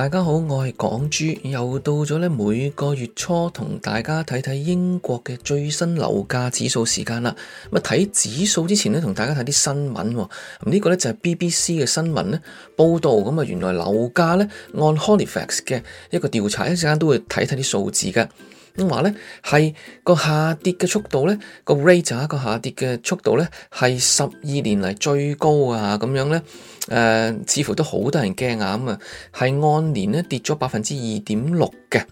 大家好，我係港豬，又到咗每個月初同大家睇睇英國嘅最新樓價指數時間啦。咁啊睇指數之前呢，同大家睇啲新聞。咁呢個呢，就係 BBC 嘅新聞咧報道。咁啊原來樓價呢，按 Halifax 嘅一個調查間，一陣間都會睇睇啲數字噶。咁話咧係個下跌嘅速度咧，個 rate 啊個下跌嘅速度咧係十二年嚟最高啊咁樣咧，誒、呃、似乎都好多人驚啊咁啊，係按年咧跌咗百分之二點六嘅，咁、啊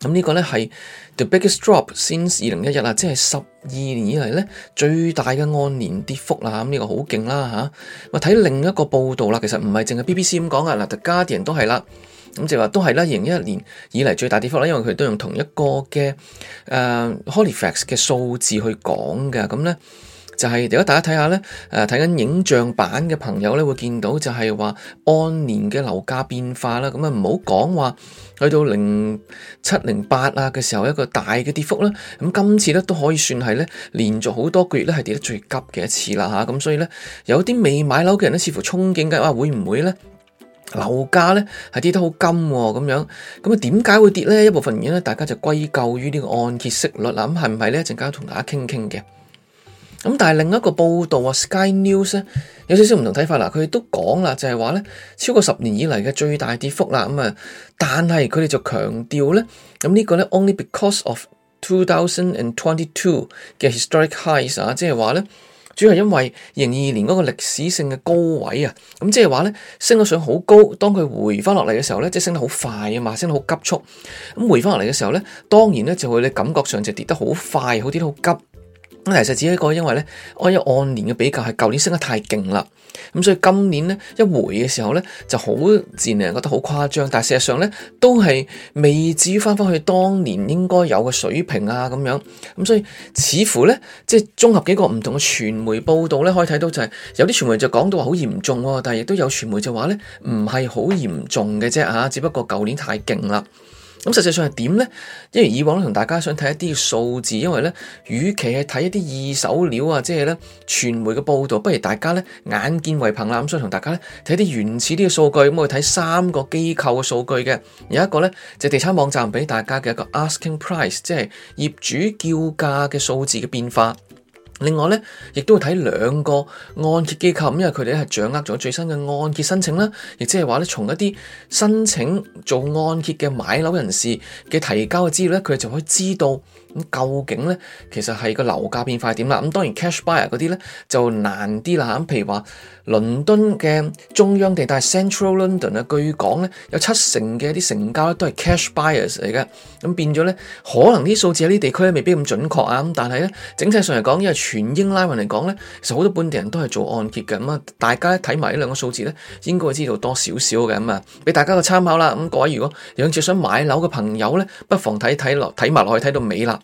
這個、呢個咧係 the biggest drop since 二零一一啊，即係十二年以嚟咧最大嘅按年跌幅啦，咁、啊、呢、啊這個好勁啦嚇。話、啊、睇、啊、另一個報道啦，其實唔係淨係 BBC 咁講啊，嗱，The Guardian 都係啦。咁就係話都係啦，二零一一年以嚟，最大跌幅啦，因為佢都用同一個嘅，誒、呃、Halifax 嘅數字去講嘅，咁咧就係、是、如果大家睇下咧，誒、啊，睇緊影像版嘅朋友咧會見到就係話按年嘅樓價變化啦，咁啊唔好講話去到零七零八啊嘅時候一個大嘅跌幅啦，咁今次咧都可以算係咧連續好多個月咧係跌得最急嘅一次啦，吓，咁所以咧有啲未買樓嘅人咧似乎憧憬緊啊，會唔會咧？樓價咧係跌得好金喎、哦，咁樣咁啊點解會跌咧？一部分原因咧，大家就歸咎於呢個按揭息率啦。咁係唔係咧？陣間同大家傾傾嘅。咁但係另一個報道啊，Sky News 咧有少少唔同睇法啦。佢哋都講啦，就係話咧超過十年以嚟嘅最大跌幅啦。咁啊，但係佢哋就強調咧，咁、啊這個、呢個咧 only because of 2022嘅 historic highs 啊，即係話咧。主要係因為二零二二年嗰個歷史性嘅高位啊，咁即係話呢，升得上好高，當佢回翻落嚟嘅時候呢，即係升得好快啊嘛，升得好急速，咁回翻落嚟嘅時候呢，當然呢，就會你感覺上就跌得好快，好啲好急。其實只係一個，因為咧我一按年嘅比較，係舊年升得太勁啦，咁所以今年咧一回嘅時候咧就好自然，令人覺得好誇張。但係事實上咧都係未至於翻翻去當年應該有嘅水平啊咁樣。咁所以似乎咧即係綜合幾個唔同嘅傳媒報道咧，可以睇到就係有啲傳媒就講到話好嚴重喎，但係亦都有傳媒就話咧唔係好嚴重嘅啫吓，只不過舊年太勁啦。咁實際上係點呢？因為以往同大家想睇一啲數字，因為呢，與其係睇一啲二手料啊，即係呢傳媒嘅報道，不如大家呢眼見為憑啦。咁所以同大家呢睇啲原始啲嘅數據，咁我睇三個機構嘅數據嘅，有一個呢就係地產網站畀大家嘅一個 asking price，即係業主叫價嘅數字嘅變化。另外呢，亦都會睇兩個按揭機構，因為佢哋咧係掌握咗最新嘅按揭申請啦，亦即係話呢，從一啲申請做按揭嘅買樓人士嘅提交嘅資料呢，佢哋就可以知道。究竟呢，其實係個樓價變化係點啦。咁當然 cash buyer 嗰啲呢就難啲啦。譬如話，倫敦嘅中央地帶 Central London 啊，據講呢有七成嘅啲成交都係 cash buyers 嚟嘅。咁變咗呢，可能啲數字喺啲地區未必咁準確啊。咁但係呢，整體上嚟講，因為全英拉運嚟講呢，其實好多本地人都係做按揭嘅。咁啊，大家睇埋呢兩個數字呢，應該知道多少少嘅咁啊，俾、嗯、大家個參考啦。咁各位如果有興趣想買樓嘅朋友呢，不妨睇睇落睇埋落去睇到尾啦。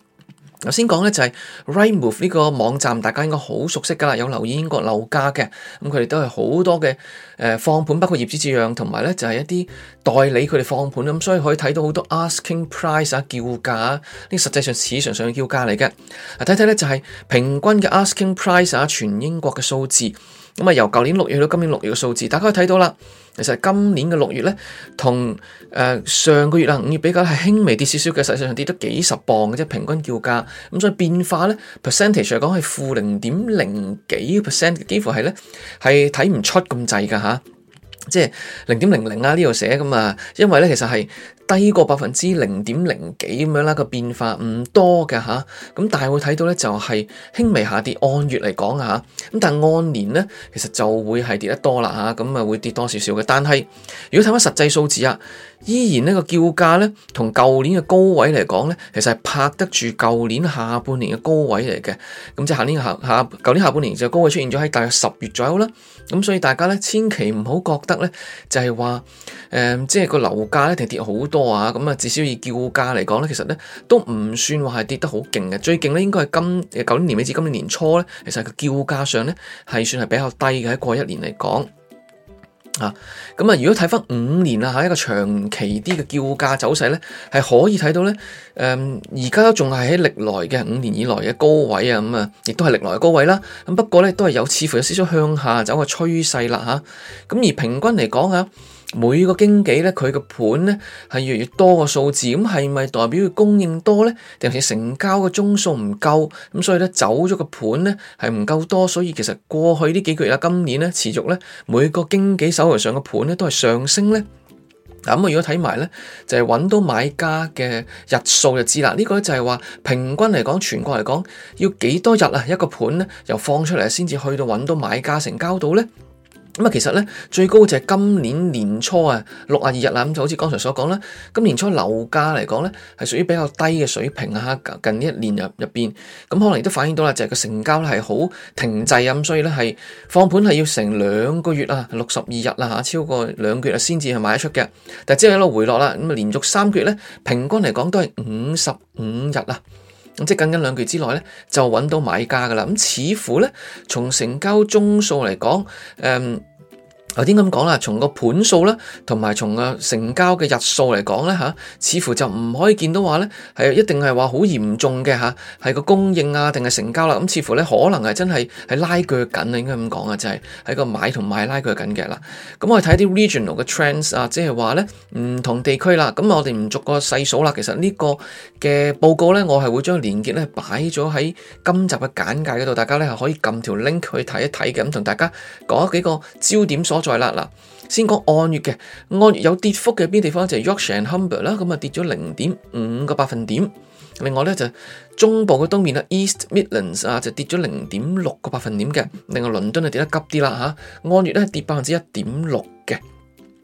首先講咧就係 Rightmove 呢個網站，大家應該好熟悉噶啦，有留意英國樓價嘅咁，佢哋都係好多嘅誒放盤，包括業主置讓同埋咧就係一啲代理佢哋放盤咁，所以可以睇到好多 asking price 啊叫價啊，呢實際上市場上嘅叫價嚟嘅。睇睇咧就係平均嘅 asking price 啊，全英國嘅數字咁啊，由舊年六月到今年六月嘅數字，大家可以睇到啦。其實今年嘅六月咧，同誒、呃、上個月啊五月比較係輕微跌少少嘅，實際上跌咗幾十磅嘅啫，平均叫價咁，所以變化咧 percentage 嚟講係負零點零幾 percent，幾乎係咧係睇唔出咁滯㗎吓。啊即係零點零零啊！呢度寫咁啊，因為咧其實係低過百分之零點零幾咁樣啦，個變化唔多嘅嚇。咁但係會睇到咧就係、是、輕微下跌，按月嚟講啊，咁但係按年咧其實就會係跌得多啦嚇。咁啊會跌多少少嘅，但係如果睇翻實際數字啊，依然呢個叫價咧同舊年嘅高位嚟講咧，其實係拍得住舊年下半年嘅高位嚟嘅。咁即係下年下嚇，舊年下半年就高位出現咗喺大約十月左右啦。咁、嗯、所以大家咧，千祈唔好覺得咧，就係、是、話，誒、呃，即係個樓價咧，一定跌好多啊！咁啊，至少以叫價嚟講咧，其實咧，都唔算話係跌得好勁嘅。最勁咧，應該係今舊年年尾至今年年初咧，其實個叫價上咧，係算係比較低嘅。喺過一年嚟講。啊，咁啊，如果睇翻五年啊，吓，一個長期啲嘅叫價走勢咧，係可以睇到咧，誒、嗯，而家都仲係喺歷來嘅五年以來嘅高位啊，咁啊，亦都係歷來嘅高位啦。咁不過咧，都係有似乎有少少向下走嘅趨勢啦，吓、啊。咁而平均嚟講啊。每個經紀咧，佢個盤咧係越嚟越多個數字，咁係咪代表佢供應多咧？定係成交個宗數唔夠？咁所以咧走咗個盤咧係唔夠多，所以其實過去呢幾個月啦，今年咧持續咧每個經紀手頭上嘅盤咧都係上升咧。嗱咁啊，如果睇埋咧就係、是、揾到買家嘅日數就知啦。呢、這個就係話平均嚟講，全國嚟講要幾多日啊一個盤咧又放出嚟先至去到揾到買家成交到咧。咁啊，其實咧最高就係今年年初啊，六十二日啦、啊。咁就好似剛才所講啦，今年初樓價嚟講咧，係屬於比較低嘅水平啊。近一年入入邊，咁可能亦都反映到啦，就係個成交咧係好停滯啊。咁所以咧係放盤係要成兩個月啊，六十二日啊，嚇超過兩個月啊先至係賣得出嘅。但係之後一路回落啦，咁、嗯、啊連續三個月咧平均嚟講都係五十五日啊。咁即係僅僅兩個月之內咧，就揾到買家噶啦。咁似乎咧，從成交宗數嚟講，誒、嗯。頭先咁講啦，從個盤數啦，同埋從啊成交嘅日數嚟講咧嚇，似乎就唔可以見到話咧係一定係話好嚴重嘅嚇，係個供應啊定係成交啦、啊，咁似乎咧可能係真係係拉鋸緊啊，應該咁講啊，就係喺個買同賣拉鋸緊嘅啦。咁我哋睇啲 regional 嘅 trends 啊，即係話咧唔同地區啦。咁我哋唔逐個細數啦，其實呢個嘅報告咧，我係會將個連結咧擺咗喺今集嘅簡介嗰度，大家咧係可以撳條 link 去睇一睇嘅。咁同大家講幾個焦點所。先講按月嘅，按月有跌幅嘅邊地方就係、是、Yorkshire and Humber 啦，咁啊跌咗零點五個百分點。另外呢，就中部嘅東面啦，East Midlands 啊就跌咗零點六個百分點嘅。另外倫敦就跌得急啲啦嚇，按、啊、月呢係跌百分之一點六嘅。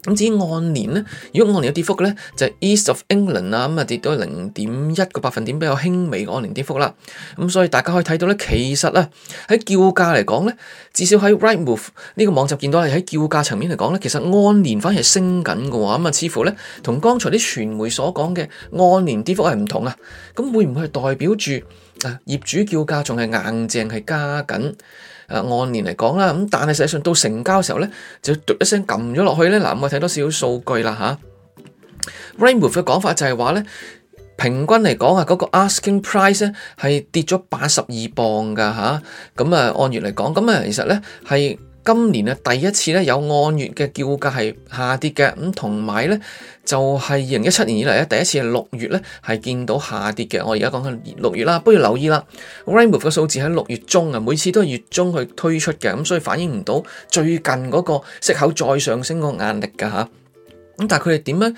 咁至於按年呢，如果按年有跌幅嘅呢，就係 East of England 啊，咁啊跌到零點一個百分點，比較輕微嘅按年跌幅啦。咁所以大家可以睇到咧，其實咧喺叫價嚟講咧，至少喺 Rightmove 呢個網站見到啦，喺叫價層面嚟講咧，其實按年反而係升緊嘅喎，咁啊似乎咧同剛才啲傳媒所講嘅按年跌幅係唔同啊。咁會唔會係代表住業主叫價仲係硬淨係加緊？按年嚟講啦，但係實際上到成交嘅時候呢，就一聲撳咗落去咧。嗱，我哋睇多少少數據啦嚇。Rightmove 嘅講法就係話呢，平均嚟講啊，嗰、那個 asking price 呢係跌咗八十二磅㗎嚇。咁啊按月嚟講，咁啊其實呢係，是今年啊，第一次咧有按月嘅叫價係下跌嘅，咁同埋咧就係二零一七年以嚟咧第一次係六月咧係見到下跌嘅。我而家講緊六月啦，不如留意啦。Rightmove 嘅數字喺六月中啊，每次都係月中去推出嘅，咁所以反映唔到最近嗰個息口再上升個壓力㗎吓，咁但係佢哋點樣？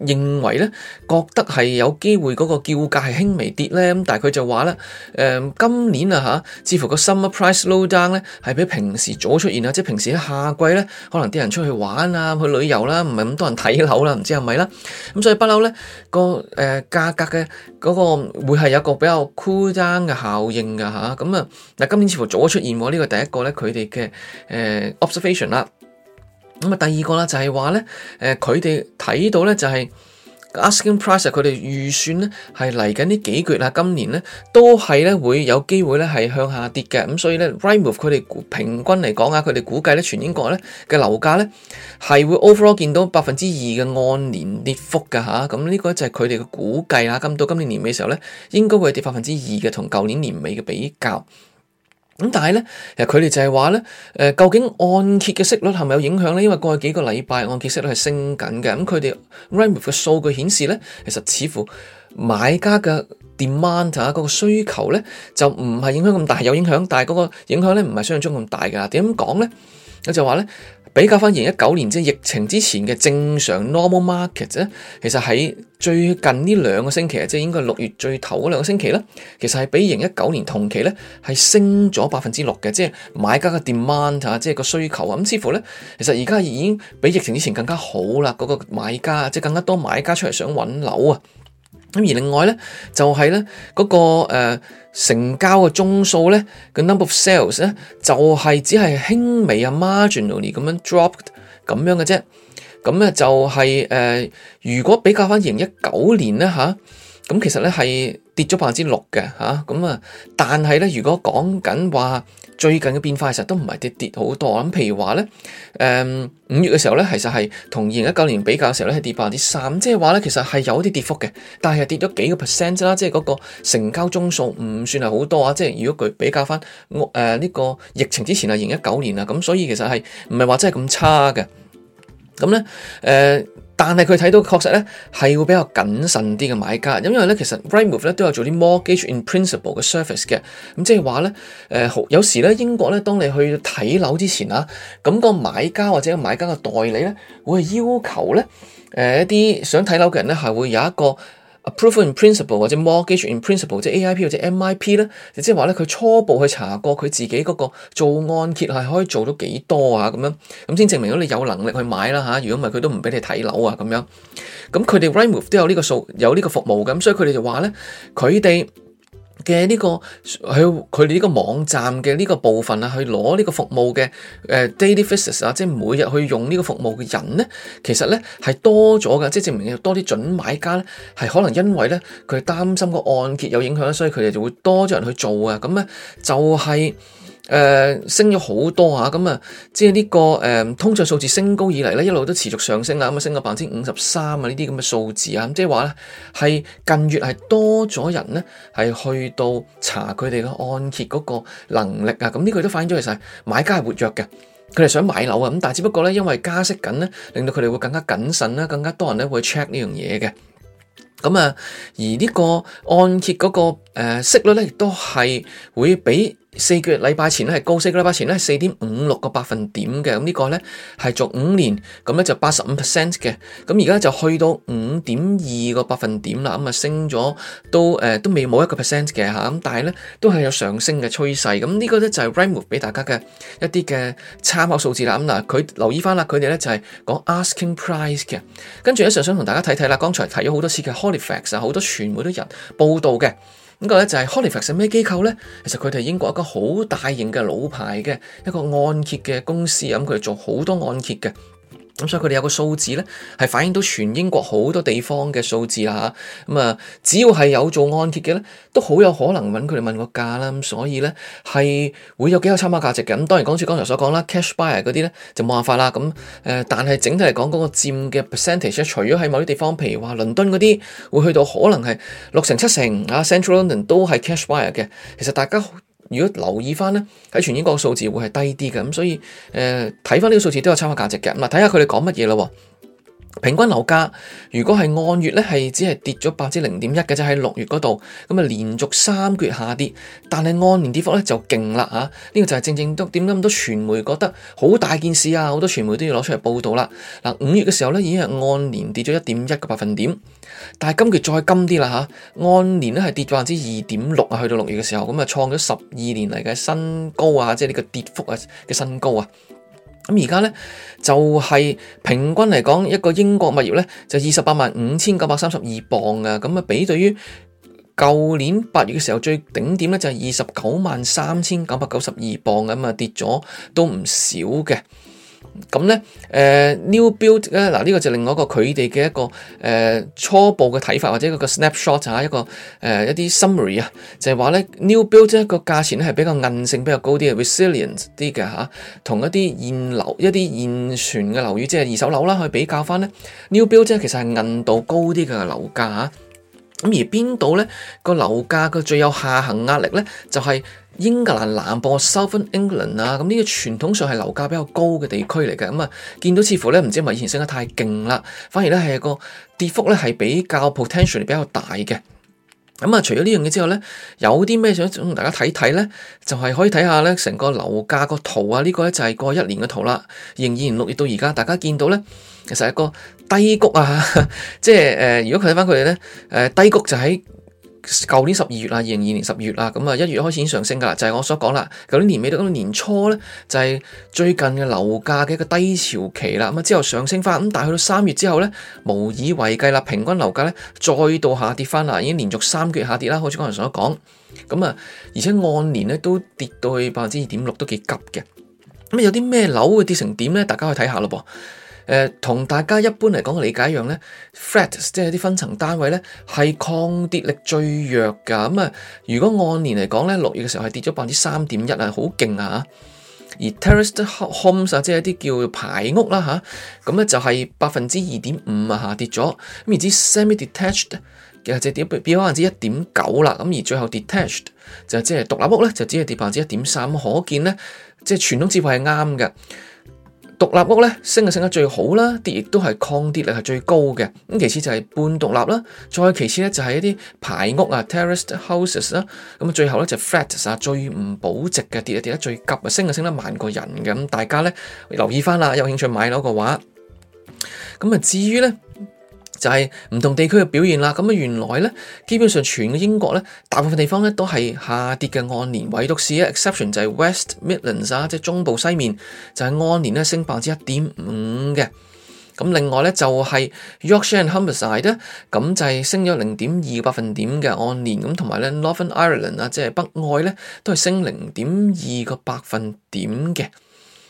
認為咧，覺得係有機會嗰個叫價係輕微跌呢，但係佢就話咧，誒、呃，今年啊吓，似乎個 summer price slowdown 呢係比平時早出現啊，即係平時喺夏季呢，可能啲人出去玩啊，去旅遊啦，唔係咁多人睇樓啦，唔知係咪啦，咁、啊、所以不嬲呢個誒價、呃、格嘅嗰個會係有一個比較 cool down 嘅效應噶吓，咁啊，嗱今年似乎早出現喎，呢個第一個呢，佢哋嘅誒 observation 啦。Obs ervation, 咁啊，第二個啦，呃、就係話咧，誒，佢哋睇到咧，就係 asking price，佢哋預算咧，係嚟緊呢幾個月啊，今年咧，都係咧會有機會咧係向下跌嘅，咁所以咧 r i、Right、Move，佢哋平均嚟講啊，佢哋估計咧，全英國咧嘅樓價咧係會 overall 啦，見到百分之二嘅按年跌幅噶嚇，咁、這、呢個就係佢哋嘅估計啦。咁到今年年尾嘅時候咧，應該會跌百分之二嘅，同舊年年尾嘅比較。咁但係咧，其實佢哋就係話咧，誒，究竟按揭嘅息率係咪有影響咧？因為過去幾個禮拜按揭息率係升緊嘅，咁佢哋 Rightmove 嘅數據顯示咧，其實似乎買家嘅 demand 啊，嗰個需求咧就唔係影響咁大，有影響，但係嗰個影響咧唔係想像中咁大噶。點講咧？就話咧。比較返二零一九年即係疫情之前嘅正常 normal market 咧，其實喺最近呢兩個星期啊，即係應該六月最頭嗰兩個星期咧，其實係比二零一九年同期咧係升咗百分之六嘅，即係買家嘅 demand 啊，即係個需求啊，咁似乎咧其實而家已經比疫情之前更加好啦，嗰個買家即係更加多買家出嚟想揾樓啊。咁而另外咧，就係咧嗰個、呃、成交嘅宗數咧，個 number of sales 咧，就係、是、只係輕微啊 marginally 咁樣 dropped 咁樣嘅啫。咁咧就係、是、誒、呃，如果比較翻二零一九年咧吓，咁、啊、其實咧係，跌咗百分之六嘅嚇，咁啊，但係咧，如果講緊話最近嘅變化其，嗯，其實都唔係跌跌好多啊。咁譬如話咧，誒五月嘅時候咧，就是，其實係同二零一九年比較嘅時候咧，係跌百分之三。即係話咧，其實係有啲跌幅嘅，但係跌咗幾個 percent 啦，即係嗰個成交宗數唔算係好多啊。即、就、係、是、如果佢比較翻我呢個疫情之前啊，二零一九年啊，咁所以其實係唔係話真係咁差嘅。咁咧誒。呃但係佢睇到確實咧，係會比較謹慎啲嘅買家，因為咧其實 Rightmove 咧都有做啲 mortgage in principle 嘅 service 嘅，咁即係話咧，誒、呃、有時咧英國咧，當你去睇樓之前啊，咁、那個買家或者買家嘅代理咧，會要求咧，誒、呃、一啲想睇樓嘅人咧，係會有一個。Approval in principle 或者 mortgage in principle 即係 AIP 或者 MIP 咧，就即係話咧，佢初步去查過佢自己嗰個做按揭係可以做到幾多啊咁樣，咁先證明到你有能力去買啦吓，如果唔係佢都唔畀你睇樓啊咁樣，咁佢哋 Rightmove 都有呢個數，有呢個服務嘅，咁所以佢哋就話咧佢哋。.嘅呢、呢個喺佢哋呢個網站嘅呢個部分啊，去攞呢個服務嘅誒、uh, daily visits 啊，即係每日去用呢個服務嘅人咧，其實咧係多咗㗎，即係證明有多啲準買家咧係可能因為咧佢擔心個按揭有影響，所以佢哋就會多咗人去做啊，咁咧就係、係。誒、呃，升咗好多吓，咁啊，即係呢、這個誒、呃，通脹數字升高以嚟咧，一路都持續上升啊，咁啊，升咗百分之五十三啊，呢啲咁嘅數字啊，即係話咧，係近月係多咗人咧，係去到查佢哋嘅按揭嗰個能力啊，咁、這、呢個都反映咗其實買家係活躍嘅，佢哋想買樓啊，咁但係只不過咧，因為加息緊咧，令到佢哋會更加謹慎啦，更加多人咧會 check 呢樣嘢嘅，咁啊，而呢個按揭嗰、那個誒、呃、息率咧，亦都係會比。四個禮拜前咧係高息，個禮拜前咧係四點五六個百分點嘅，咁、這個、呢個咧係續五年，咁咧就八十五 percent 嘅，咁而家就去到五點二個百分點啦，咁啊升咗都誒、呃、都未冇一個 percent 嘅嚇，咁但係咧都係有上升嘅趨勢，咁呢個咧就係 Rightmove 畀大家嘅一啲嘅參考數字啦，咁嗱佢留意翻啦，佢哋咧就係、是、講 asking price 嘅，跟住咧就想同大家睇睇啦，剛才提咗好多次嘅 Halifax 啊，好多傳媒都人報道嘅。咁個呢就係 Halifax 係咩機構呢？其實佢哋係英國一個好大型嘅老牌嘅一個按揭嘅公司啊，咁佢哋做好多按揭嘅。咁所以佢哋有個數字咧，係反映到全英國好多地方嘅數字啦嚇。咁啊，只要係有做按揭嘅咧，都好有可能揾佢哋問個價啦。咁、啊、所以咧係會有幾有參考價值嘅。咁、啊、當然講住剛才所講啦，cash buyer 嗰啲咧就冇辦法啦。咁、啊、誒，但係整體嚟講嗰個佔嘅 percentage 咧，除咗喺某啲地方，譬如話倫敦嗰啲會去到可能係六成七成啊，Central London 都係 cash buyer 嘅。其實大家。如果留意翻呢，喺全英國嘅數字會係低啲嘅，咁所以誒睇翻呢個數字都有參考價值嘅。咁啊，睇下佢哋講乜嘢咯喎。平均樓價如果係按月咧係只係跌咗百分之零點一嘅啫，喺六月嗰度，咁啊連續三個月下跌，但係按年跌幅咧就勁啦嚇，呢個就係正正都點解咁多傳媒覺得好大件事啊，好多傳媒都要攞出嚟報道啦。嗱，五月嘅時候咧已經係按年跌咗一點一個百分點，但係今月再金啲啦嚇，按年咧係跌咗百分之二點六啊，去到六月嘅時候咁啊創咗十二年嚟嘅新高啊，即係呢個跌幅啊嘅新高啊。咁而家咧就係平均嚟講，一個英國物業咧就二十八萬五千九百三十二磅啊！咁啊，比對於舊年八月嘅時候最頂點咧就係二十九萬三千九百九十二磅啊！咁啊，跌咗都唔少嘅。咁咧，誒 new build 嗱呢個就、啊、另外一個佢哋嘅一個誒、呃、初步嘅睇法或者一個 snapshot 啊、呃，一個誒一啲 summary 啊，就係話咧 new build 即係個價錢咧係比較韌性比較高啲嘅 resilient 啲嘅嚇，同一啲、啊、現樓一啲現存嘅樓宇即係、就是、二手樓啦去比較翻咧，new build 即係其實係韌度高啲嘅樓價嚇。咁、啊、而邊度咧個樓價個最有下行壓力咧就係、是。英格蘭南部 （Southern England） 啊，咁呢個傳統上係樓價比較高嘅地區嚟嘅，咁啊見到似乎咧，唔知係咪以前升得太勁啦，反而咧係個跌幅咧係比較 potential 比較大嘅。咁、嗯、啊，除咗呢樣嘢之後咧，有啲咩想同大家睇睇咧，就係、是、可以睇下咧成個樓價個圖、這個圖啊。呢個咧就係過去一年嘅圖啦，二零二二年六月到而家，大家見到咧其實係一個低谷啊， 即係誒、呃，如果睇翻佢哋咧，誒、呃、低谷就喺。舊年十二月啊，二零二二年十二月啊，咁啊一月開始已經上升噶啦，就係我所講啦。舊年年尾到今年初咧，就係最近嘅樓價嘅一個低潮期啦。咁啊之後上升翻咁，但係去到三月之後咧，無以為繼啦。平均樓價咧再度下跌翻啦，已經連續三個月下跌啦。好似剛才所講咁啊，而且按年咧都跌到去百分之二點六，都幾急嘅。咁有啲咩樓會跌成點咧？大家可以睇下咯噃。誒、呃、同大家一般嚟講嘅理解一樣咧，flat 即係啲分層單位咧，係抗跌力最弱噶。咁、嗯、啊，如果按年嚟講咧，六月嘅時候係跌咗百分之三點一啊，好勁啊嚇、嗯就是啊！而 terraced homes 即係一啲叫排屋啦吓咁咧就係百分之二點五啊下跌咗。咁而之 semi-detached 嘅就跌咗百分之一點九啦。咁而最後 detached 就係即係獨立屋咧，就只係跌百分之一點三。可見咧，即係傳統智慧係啱嘅。獨立屋咧升嘅升得最好啦，跌亦都係抗跌力係最高嘅。咁其次就係半獨立啦，再其次咧就係一啲排屋啊，terrace houses 啦。咁啊，最後咧就係 flat 啊，最唔保值嘅，跌啊跌得最急啊，升啊升得慢過人咁。大家咧留意返啦，有興趣買樓嘅話，咁啊至於咧。就係唔同地區嘅表現啦，咁啊原來咧，基本上全英國咧，大部分地方咧都係下跌嘅按年，唯獨是咧 exception 就係 West Midlands 啊，即係中部西面就係、是、按年咧升百分之一點五嘅。咁另外咧就係 Yorkshire and Humberside 咧，um、ide, 就係升咗零點二個百分點嘅按年，咁同埋咧 Northern Ireland 啊，即係北愛咧都係升零點二個百分點嘅。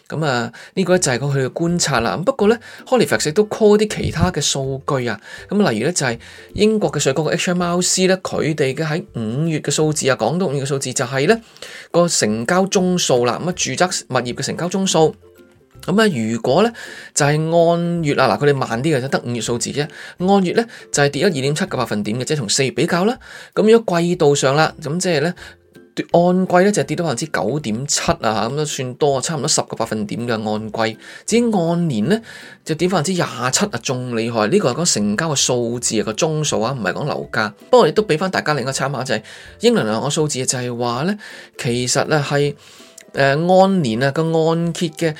咁啊，呢、嗯這個咧就係佢哋嘅觀察啦。咁不過咧 Halifax 都 call 啲其他嘅數據啊。咁、嗯、例如咧就係、是、英國嘅稅局嘅 HMRC 咧，佢哋嘅喺五月嘅數字啊，講到五月嘅數字就係咧個成交宗數啦。咁、嗯、啊，住宅物業嘅成交宗數。咁、嗯、啊，如果咧就係、是、按月啊，嗱佢哋慢啲嘅，就得五月數字啫。按月咧就係、是、跌咗二點七個百分點嘅，啫。同四月比較啦。咁、嗯、如果季度上啦，咁即係咧。按季咧就跌到百分之九點七啊，咁都算多，差唔多十個百分點嘅按季。至於按年咧，就跌百分之廿七啊，仲厲害。呢、這個係講成交嘅數字啊，這個宗數啊，唔係講樓價。不過亦都俾翻大家另一個參考就係、是、英倫嘅數字，就係話咧，其實啊係誒按年啊個按揭嘅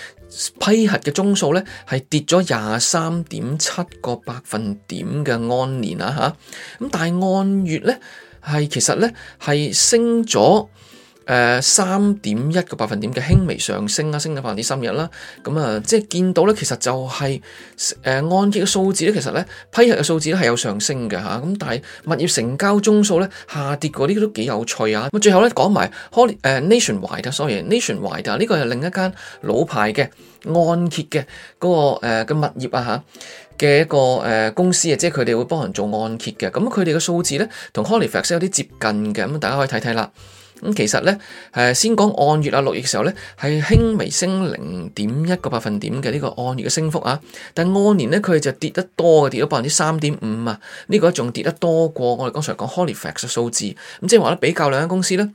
批核嘅宗數咧係跌咗廿三點七個百分點嘅按年啊，吓。咁但係按月咧，係其實咧係升咗誒三點一個百分點嘅輕微上升啦，升咗百分之三一啦。咁啊、嗯，即係見到咧，其實就係、是、誒、呃、按揭嘅數字咧，其實咧批核嘅數字咧係有上升嘅吓。咁、啊、但係物業成交宗數咧下跌嘅呢都幾有趣啊。咁最後咧講埋誒 Nationwide，sorry，Nationwide 呢 Halifax、呃、Nationwide, Sorry, Nationwide，個係另一間老牌嘅按揭嘅嗰、那個誒嘅、呃、物業啊吓。嘅一個誒公司啊，即係佢哋會幫人做按揭嘅，咁佢哋嘅數字咧同 Halifax 有啲接近嘅，咁大家可以睇睇啦。咁其實咧誒先講按月啊，六月嘅時候咧係輕微升零點一個百分點嘅呢個按月嘅升幅啊，但按年咧佢哋就跌得多嘅，跌咗百分之三點五啊，呢、這個仲跌得多過我哋剛才講 Halifax 嘅數字，咁即係話咧比較兩間公司咧。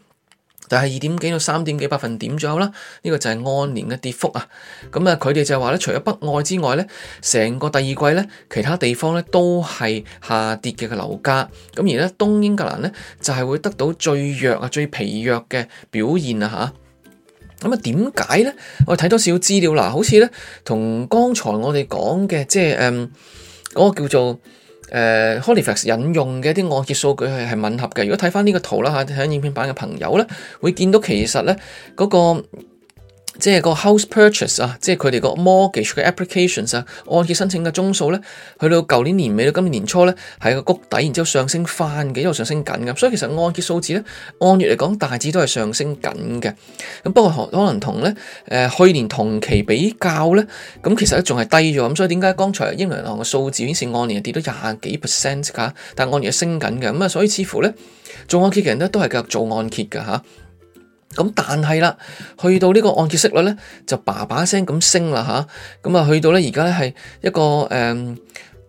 但係二點幾到三點幾百分點左右啦，呢、這個就係按年嘅跌幅啊。咁啊，佢哋就係話咧，除咗北愛之外咧，成個第二季咧，其他地方咧都係下跌嘅個樓價。咁而咧，東英格蘭咧就係會得到最弱啊、最疲弱嘅表現啊，吓。咁啊，點解咧？我睇多少資料啦，好似咧同剛才我哋講嘅，即係誒，嗰個叫做。誒、uh, Halifax 引用嘅啲按揭數據係吻合嘅。如果睇翻呢個圖啦吓，睇影片版嘅朋友咧，會見到其實咧嗰、嗰個。即係個 house purchase 啊，即係佢哋個 mortgage 嘅 applications 啊，按揭申請嘅宗數咧，去到舊年年尾到今年年初咧係一個谷底，然之後上升翻嘅，因上升緊嘅，所以其實按揭數字咧按月嚟講大致都係上升緊嘅。咁不過可能同咧誒去年同期比較咧，咁其實咧仲係低咗。咁所以點解剛才英倫銀行嘅數字顯示按年跌咗廿幾 percent 㗎？但係按月升緊嘅。咁啊，所以似乎咧做按揭嘅人都係繼續做按揭㗎嚇。咁但係啦，去到呢個按揭息率咧，就叭叭聲咁升啦吓，咁啊，去到咧而家咧係一個誒、嗯、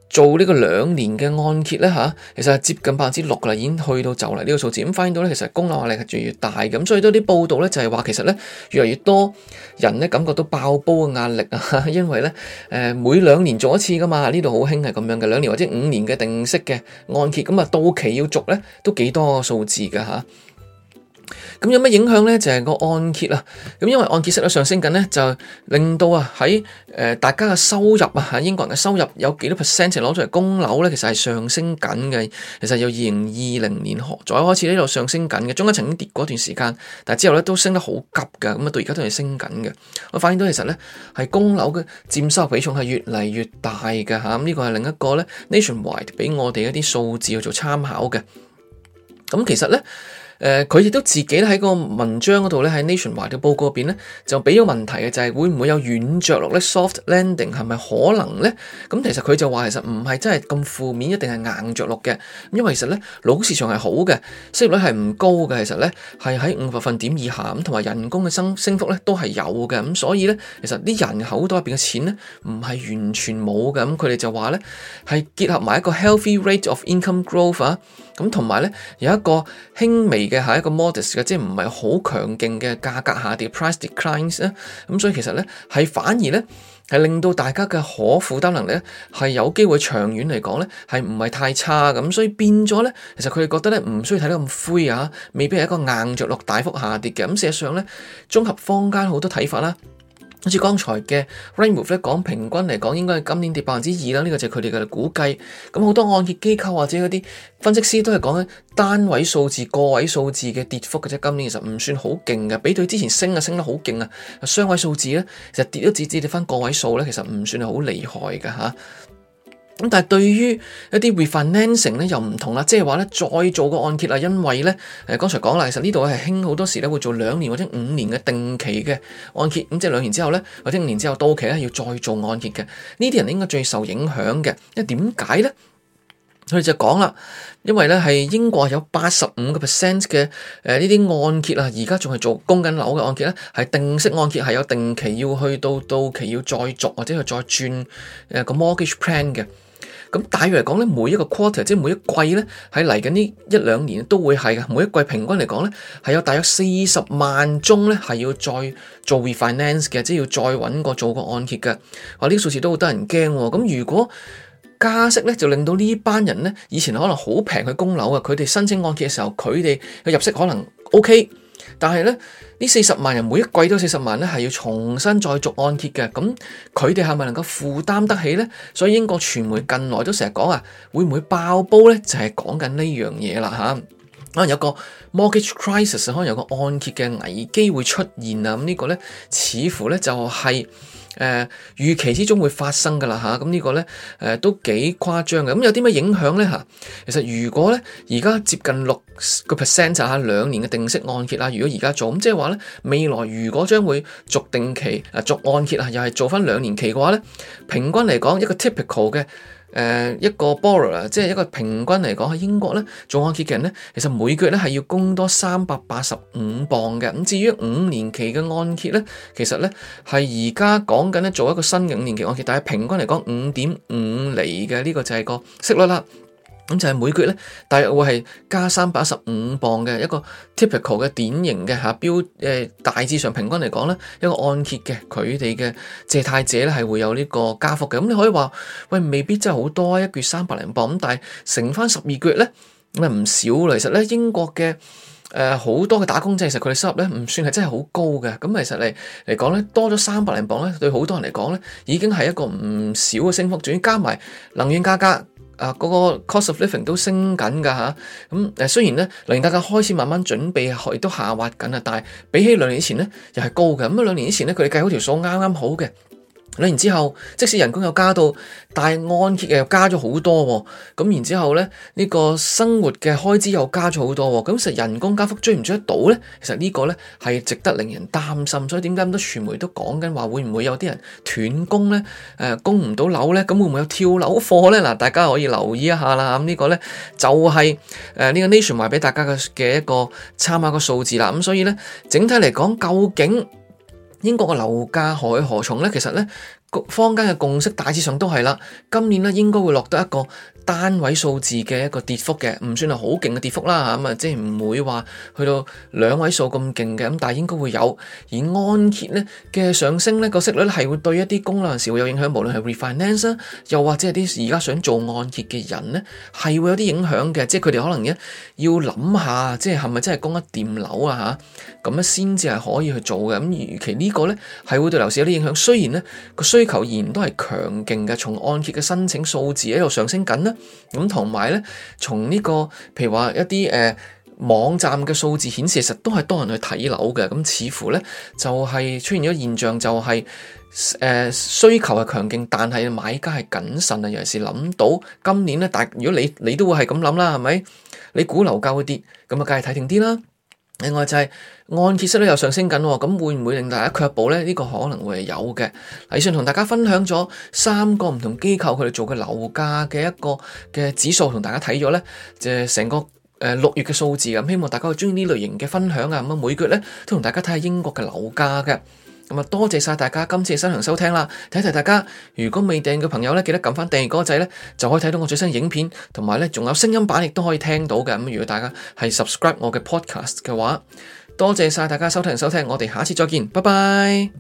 做呢個兩年嘅按揭咧吓、啊，其實係接近百分之六啦，已經去到就嚟呢個數字。咁、嗯、發現到咧，其實供樓壓力係越嚟越大。咁所以多啲報道咧就係話，其實咧越嚟越多人咧感覺到爆煲嘅壓力啊，因為咧誒、啊、每兩年做一次噶嘛，呢度好興係咁樣嘅兩年或者五年嘅定息嘅按揭，咁啊到期要續咧都幾多數字噶嚇。啊咁有咩影響呢？就係、是、個按揭啊，咁因為按揭息率上升緊呢，就令到啊喺誒大家嘅收入啊，係英國人嘅收入有幾多 percent 係攞出嚟供樓呢？其實係上升緊嘅，其實由二零二零年再開始呢度上升緊嘅，中間曾經跌過一段時間，但係之後呢都升得好急噶，咁啊到而家都係升緊嘅。我發現到其實呢係供樓嘅佔收入比重係越嚟越大嘅吓，咁呢個係另一個呢 Nationwide 俾我哋一啲數字去做參考嘅。咁、啊、其實呢。佢亦、呃、都自己喺個文章嗰度咧，喺 Nationwide 嘅報告入邊咧，就俾咗問題嘅就係會唔會有軟着陸咧 soft landing 係咪可能咧？咁其實佢就話其實唔係真係咁負面，一定係硬着陸嘅。因為其實咧，勞工市場係好嘅，失業率係唔高嘅。其實咧係喺五百分點以下，咁同埋人工嘅升升幅咧都係有嘅。咁所以咧，其實啲人口袋入邊嘅錢咧唔係完全冇嘅。咁佢哋就話咧係結合埋一個 healthy rate of income growth 啊。咁同埋咧，有一個輕微嘅係一個 modest 嘅，即係唔係好強勁嘅價格下跌 （price declines） 咧、啊。咁所以其實咧，係反而咧係令到大家嘅可負擔能力咧係有機會長遠嚟講咧係唔係太差咁，所以變咗咧，其實佢哋覺得咧唔需要睇得咁灰啊，未必係一個硬着陸大幅下跌嘅。咁、啊、事實上咧，綜合坊間好多睇法啦。好似剛才嘅 Rightmove 咧講，平均嚟講應該係今年跌百分之二啦，呢、呢個就係佢哋嘅估計。咁好多按揭機構或者嗰啲分析師都係講緊單位數字、個位數字嘅跌幅嘅啫。今年其實唔算好勁嘅，比對之前升啊升得好勁啊，雙位數字咧，其實跌都只，只跌翻個位數咧，其實唔算係好厲害嘅嚇。咁但係對於一啲 refinancing 咧又唔同啦，即係話咧再做個按揭啦，因為咧誒剛才講啦，其實呢度係興好多時咧會做兩年或者五年嘅定期嘅按揭，咁即係兩年之後咧或者五年之後到期咧要再做按揭嘅。呢啲人咧應該最受影響嘅，因為點解咧？佢哋就講啦，因為咧係英國有八十五個 percent 嘅誒呢啲按揭啊，而家仲係做供緊樓嘅按揭咧，係定息按揭係有定期要去到到期要再續或者去再轉誒個 mortgage plan 嘅。咁大約嚟講咧，每一個 quarter，即係每一季咧，喺嚟緊呢一兩年都會係嘅。每一季平均嚟講咧，係有大約四十萬宗咧，係要再做 refinance 嘅，即係要再揾個做個按揭嘅。話、哦！呢個數字都好得人驚喎、哦。咁如果加息咧，就令到呢班人咧，以前可能好平去供樓嘅，佢哋申請按揭嘅時候，佢哋嘅入息可能 OK。但係咧，呢四十萬人每一季都四十萬咧，係要重新再續按揭嘅。咁佢哋係咪能夠負擔得起咧？所以英國傳媒近來都成日講啊，會唔會爆煲咧？就係講緊呢樣嘢啦吓。可能有個 mortgage crisis，可能有個按揭嘅危機會出現啊。咁、嗯這個、呢個咧，似乎咧就係、是。誒預、呃、期之中會發生㗎啦嚇，咁、啊、呢、這個呢、呃、都幾誇張嘅。咁、嗯、有啲咩影響呢？嚇、啊？其實如果呢而家接近六個 percent 就係兩年嘅定息按揭啊，如果而家做咁即係話呢，未來如果將會續定期啊續按揭啊，又係做翻兩年期嘅話呢，平均嚟講一個 typical 嘅。誒、呃、一個 borrow 啊，即係一個平均嚟講喺英國咧做按揭嘅人咧，其實每個月咧係要供多三百八十五磅嘅。咁至於五年期嘅按揭咧，其實咧係而家講緊咧做一個新嘅五年期按揭，但係平均嚟講五點五厘嘅呢個就係個息率啦。咁就係每個月咧，大約會係加三百一十五磅嘅一個 typical 嘅典型嘅嚇標，誒大致上平均嚟講咧，一個按揭嘅佢哋嘅借貸者咧係會有呢個加幅嘅。咁你可以話，喂，未必真係好多啊，一個月三百零磅咁，但係乘翻十二個月咧，咁啊唔少啦。其實咧，英國嘅誒好多嘅打工者其，其實佢哋收入咧唔算係真係好高嘅。咁其實嚟嚟講咧，多咗三百零磅咧，對好多人嚟講咧，已經係一個唔少嘅升幅。仲要加埋能源價格。啊，嗰、那個 cost of living 都升緊㗎。咁誒雖然咧，兩年大家開始慢慢準備，佢亦都下滑緊啊，但係比起兩年前咧，又係高嘅，咁啊兩年前咧，佢哋計好條數啱啱好嘅。然之後，即使人工又加到，但係按揭又加咗好多喎。咁然之後咧，呢、呢個生活嘅開支又加咗好多喎。咁其實人工加幅追唔追得到咧？其實個呢個咧係值得令人擔心。所以點解咁多傳媒都講緊話會唔會有啲人斷、呃、供咧？誒供唔到樓咧？咁會唔會有跳樓貨咧？嗱，大家可以留意一下啦。咁、呢個、呢、就係、個咧就係誒呢個 Nation 話俾大家嘅嘅一個參考個數字啦。咁所以咧整體嚟講，究竟？英國嘅樓價何去何從呢？其實呢。坊間嘅共識大致上都係啦，今年咧應該會落得一個單位數字嘅一個跌幅嘅，唔算係好勁嘅跌幅啦嚇咁啊，即係唔會話去到兩位數咁勁嘅，咁但係應該會有。而按揭咧嘅上升咧個息率係會對一啲供樓人士會有影響，無論係 refinance 啊，又或者係啲而家想做按揭嘅人咧係會有啲影響嘅，即係佢哋可能咧要諗下，即係係咪真係供一棟樓啊嚇，咁咧先至係可以去做嘅。咁、嗯、如其個呢個咧係會對樓市有啲影響，雖然咧個需需求仍然都係強勁嘅，從按揭嘅申請數字喺度上升緊咧，咁同埋咧，從呢、這個，譬如話一啲誒、呃、網站嘅數字顯示，其實都係多人去睇樓嘅，咁、嗯、似乎咧就係、是、出現咗現象、就是，就係誒需求係強勁，但係買家係謹慎啊，尤其是諗到今年咧，但如果你你都會係咁諗啦，係咪？你估樓價會跌，咁啊，梗係睇定啲啦。另外就係按揭息率又上升緊喎，咁會唔會令大家卻步咧？呢個可能會係有嘅。以上同大家分享咗三個唔同機構佢哋做嘅樓價嘅一個嘅指數，同大家睇咗咧，就係成個誒六月嘅數字咁。希望大家會鍾意呢類型嘅分享啊，咁啊每個月咧都同大家睇下英國嘅樓價嘅。咁啊，多謝晒大家今次嘅收聽收聽啦！提提大家，如果未訂嘅朋友咧，記得撳翻訂閱嗰個掣咧，就可以睇到我最新影片，同埋咧仲有聲音版亦都可以聽到嘅。咁如果大家係 subscribe 我嘅 podcast 嘅話，多謝晒大家收聽收聽，我哋下次再見，拜拜。